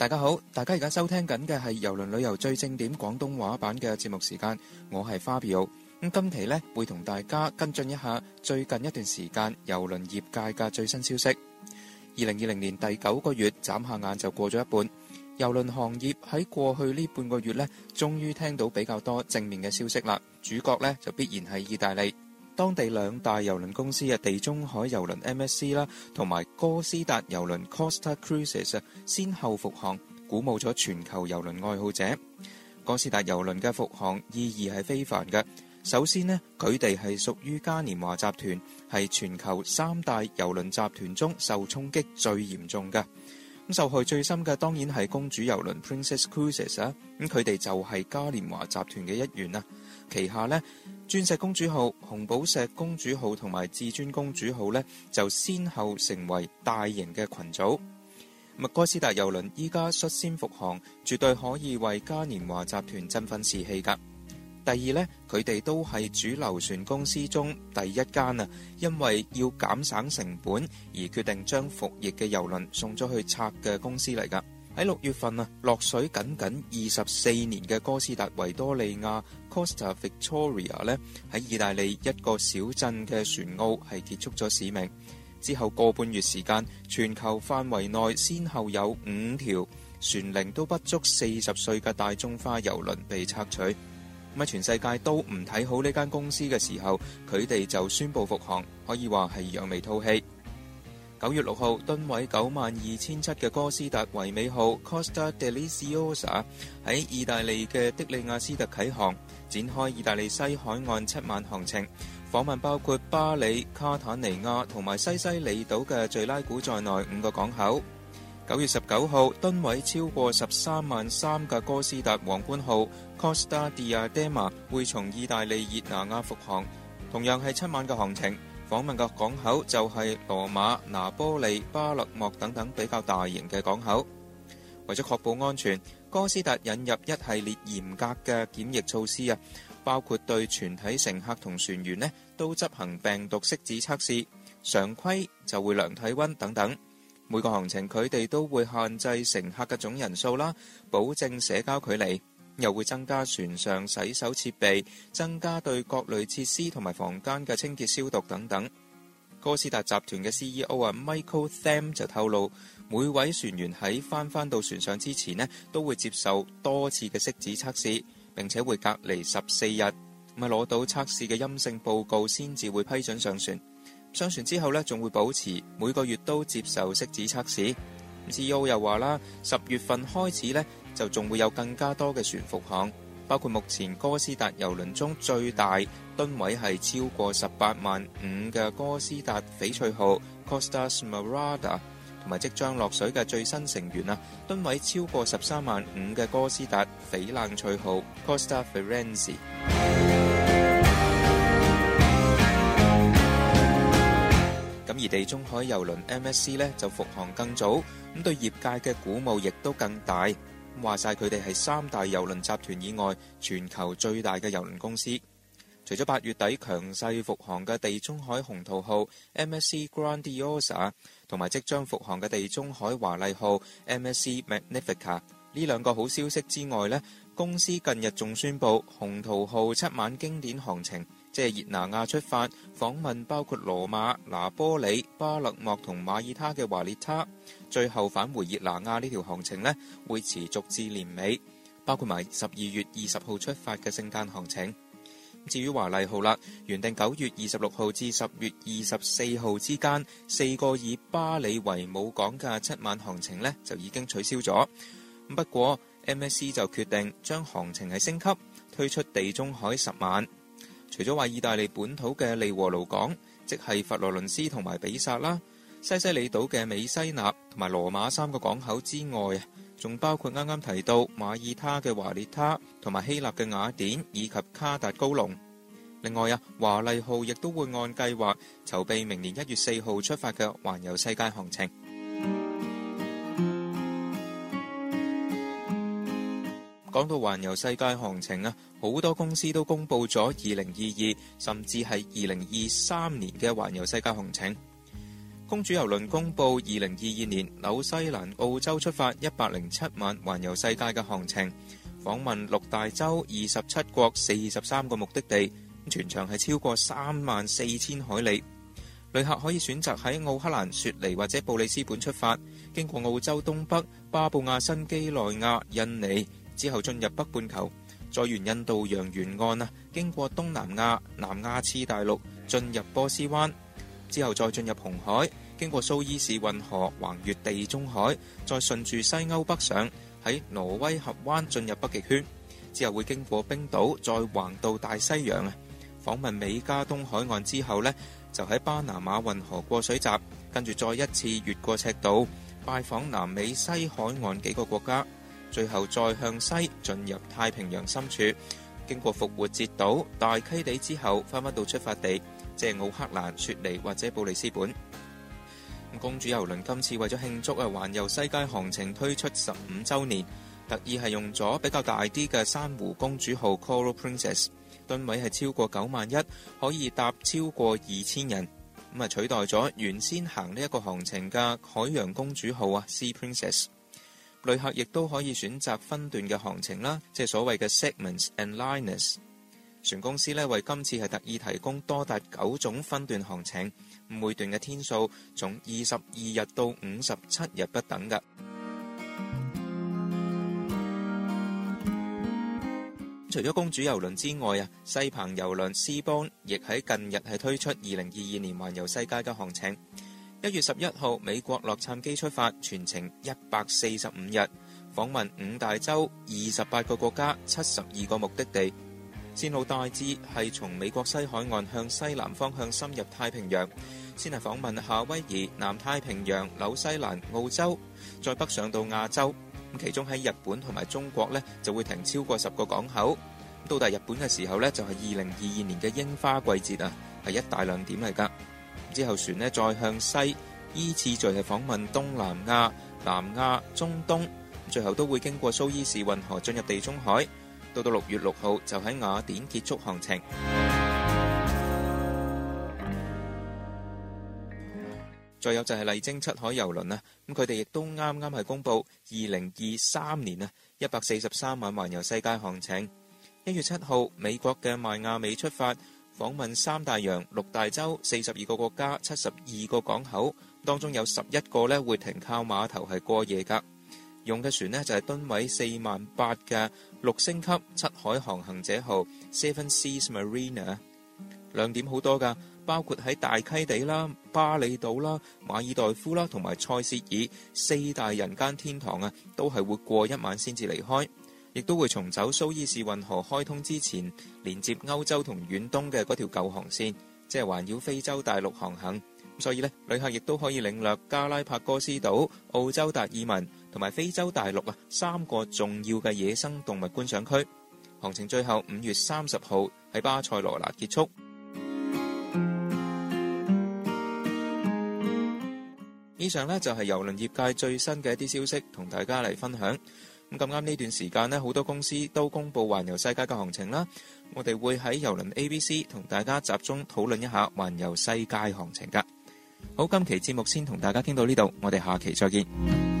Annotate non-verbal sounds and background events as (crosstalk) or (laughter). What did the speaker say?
大家好，大家而家收聽緊嘅係遊輪旅遊最正點廣東話版嘅節目時間，我係花表。咁今期咧會同大家跟進一下最近一段時間遊輪業界嘅最新消息。二零二零年第九個月眨下眼就過咗一半，遊輪行業喺過去呢半個月咧，終於聽到比較多正面嘅消息啦。主角咧就必然係意大利。當地兩大遊輪公司嘅地中海遊輪 MSC 啦，同埋歌詩達遊輪 Costa Cruises 啊，先後復航，鼓舞咗全球遊輪愛好者。歌詩達遊輪嘅復航意義係非凡嘅。首先呢佢哋係屬於嘉年華集團，係全球三大遊輪集團中受衝擊最嚴重嘅。咁受害最深嘅當然係公主遊輪 Princess Cruises 啊。咁佢哋就係嘉年華集團嘅一員啊。旗下呢，鑽石公主號、紅寶石公主號同埋至尊公主號呢，就先後成為大型嘅群組。默歌詩達郵輪依家率先復航，絕對可以為嘉年華集團振奮士氣噶。第二呢，佢哋都係主流船公司中第一間啊，因為要減省成本而決定將服役嘅郵輪送咗去拆嘅公司嚟噶。喺六月份啊，落水僅僅二十四年嘅哥斯達維多利亞 （Costa Victoria） 咧，喺意大利一個小鎮嘅船澳係結束咗使命。之後個半月時間，全球範圍內先後有五條船齡都不足四十歲嘅大眾化遊輪被拆取。咁喺全世界都唔睇好呢間公司嘅時候，佢哋就宣布復航，可以話係揚眉吐氣。九月六號，敦位九萬二千七嘅哥斯達維美號 （Costa d e l i c i o s a 喺意大利嘅的迪利亞斯特啟航，展開意大利西海岸七晚航程，訪問包括巴里、卡坦尼亞同埋西西里島嘅敍拉古在內五個港口。九月十九號，敦位超過十三萬三嘅哥斯達皇冠號 （Costa Diadem） a 會從意大利熱拿亞復航，同樣係七晚嘅航程。訪問嘅港口就係羅馬、拿波利、巴勒莫等等比較大型嘅港口。為咗確保安全，歌詩達引入一系列嚴格嘅檢疫措施啊，包括對全體乘客同船員呢都執行病毒拭子測試，常規就會量體温等等。每個行程佢哋都會限制乘客嘅總人數啦，保證社交距離。又會增加船上洗手設備，增加對各類設施同埋房間嘅清潔消毒等等。歌詩達集團嘅 C E O 啊 Michael Tham 就透露，每位船員喺翻返到船上之前呢，都會接受多次嘅拭子測試，並且會隔離十四日，咪攞到測試嘅陰性報告先至會批准上船。上船之後呢，仲會保持每個月都接受拭子測試。C E O 又話啦，十月份開始呢。就仲會有更加多嘅船服行，包括目前哥斯達郵輪中最大噸位係超過十八萬五嘅哥斯達翡翠號 （Costa m a r a d a 同埋即將落水嘅最新成員啊，噸位超過十三萬五嘅哥斯達翡冷翠號 （Costa f i e n y 咁而地中海郵輪 MSC 呢，就復航更早，咁對業界嘅鼓舞亦都更大。話晒佢哋係三大郵輪集團以外全球最大嘅郵輪公司。除咗八月底強勢復航嘅地中海鴻圖號 （MSC Grandiosa） 同埋即將復航嘅地中海華麗號 （MSC Magnifica） 呢兩個好消息之外，呢公司近日仲宣布鴻圖號七晚經典行程。即係熱拿亞出發，訪問包括羅馬、拿波里、巴勒莫同馬耳他嘅華列他，最後返回熱拿亞。呢條行程呢會持續至年尾，包括埋十二月二十號出發嘅聖誕行程。至於華麗號啦，原定九月二十六號至十月二十四號之間四個以巴里為母港嘅七晚行程呢就已經取消咗。不過 MSC 就決定將行程係升級，推出地中海十晚。除咗話意大利本土嘅利和魯港，即係佛羅倫斯同埋比薩啦，西西里島嘅美西納同埋羅馬三個港口之外，仲包括啱啱提到馬耳他嘅華列他同埋希臘嘅雅典以及卡達高龍。另外啊，華麗號亦都會按計劃籌備明年一月四號出發嘅環遊世界行程。講到環遊世界行程啊，好多公司都公布咗2022甚至係2023年嘅環遊世界行程。公主遊輪公布2022年紐西蘭、澳洲出發一百零七晚環遊世界嘅行程，訪問六大洲二十七國四十三個目的地，全長係超過三萬四千海里。旅客可以選擇喺奧克蘭、雪梨或者布里斯本出發，經過澳洲東北、巴布亞新幾內亞、印尼。之後進入北半球，再沿印度洋沿岸啊，經過東南亞、南亞次大陸，進入波斯灣，之後再進入紅海，經過蘇伊士運河，橫越地中海，再順住西歐北上，喺挪威峽灣進入北極圈，之後會經過冰島，再橫到大西洋啊，訪問美加東海岸之後呢，就喺巴拿馬運河過水閘，跟住再一次越過赤道，拜訪南美西海岸幾個國家。最後再向西進入太平洋深處經過復活節島大溪地之後，翻返到出發地即係奧克蘭、雪梨或者布里斯本公主郵輪今次為咗慶祝啊環遊世界航程推出十五周年特意係用咗比較大啲嘅珊瑚公主號 Coral Princess 噸位係超過九萬一可以搭超過二千人取代咗原先行呢一個航程嘅海洋公主號啊 Sea Princess 旅客亦都可以選擇分段嘅行程啦，即係所謂嘅 segments and lines。船公司呢，為今次係特意提供多達九種分段行程，每段嘅天數從二十二日到五十七日不等㗎。 (music) 除咗公主遊輪之外啊，璽寶遊輪 Seabourn 亦喺近日係推出二零二二年環遊世界嘅行程。一月十一號，美國洛杉磯出發，全程一百四十五日，訪問五大洲二十八個國家，七十二個目的地。線路大致係從美國西海岸向西南方向深入太平洋，先係訪問夏威夷、南太平洋、紐西蘭、澳洲，再北上到亞洲。其中喺日本同埋中國呢就會停超過十個港口。到達日本嘅時候呢，就係二零二二年嘅櫻花季節啊，係一大亮點嚟㗎。之後船呢再向西，依次序係訪問東南亞、南亞、中東，最後都會經過蘇伊士運河進入地中海。到到六月六號就喺雅典結束行程。再 (music) 有就係麗晶七海遊輪啊，咁佢哋亦都啱啱係公布二零二三年啊一百四十三晚環遊世界航程。一月七號美國嘅邁亞美出發。訪問三大洋、六大洲、四十二個國家、七十二個港口，當中有十一個咧會停靠碼頭係過夜噶。用嘅船呢就係噸位四萬八嘅六星級七海航行者號 （Seven Seas m a r i n a r 亮點好多噶，包括喺大溪地啦、巴厘島啦、馬爾代夫啦同埋塞舌爾四大人間天堂啊，都係會過一晚先至離開。亦都會重走蘇伊士運河開通之前連接歐洲同遠東嘅嗰條舊航線，即係環繞非洲大陸航行。所以呢，旅客亦都可以領略加拉帕戈斯島、澳洲達爾文同埋非洲大陸啊三個重要嘅野生動物觀賞區。行程最後五月三十號喺巴塞羅那結束。以上呢，就係遊輪業界最新嘅一啲消息，同大家嚟分享。咁咁啱呢段時間呢，好多公司都公佈環遊世界嘅行程啦。我哋會喺郵輪 A、B、C 同大家集中討論一下環遊世界行程噶。好，今期節目先同大家傾到呢度，我哋下期再見。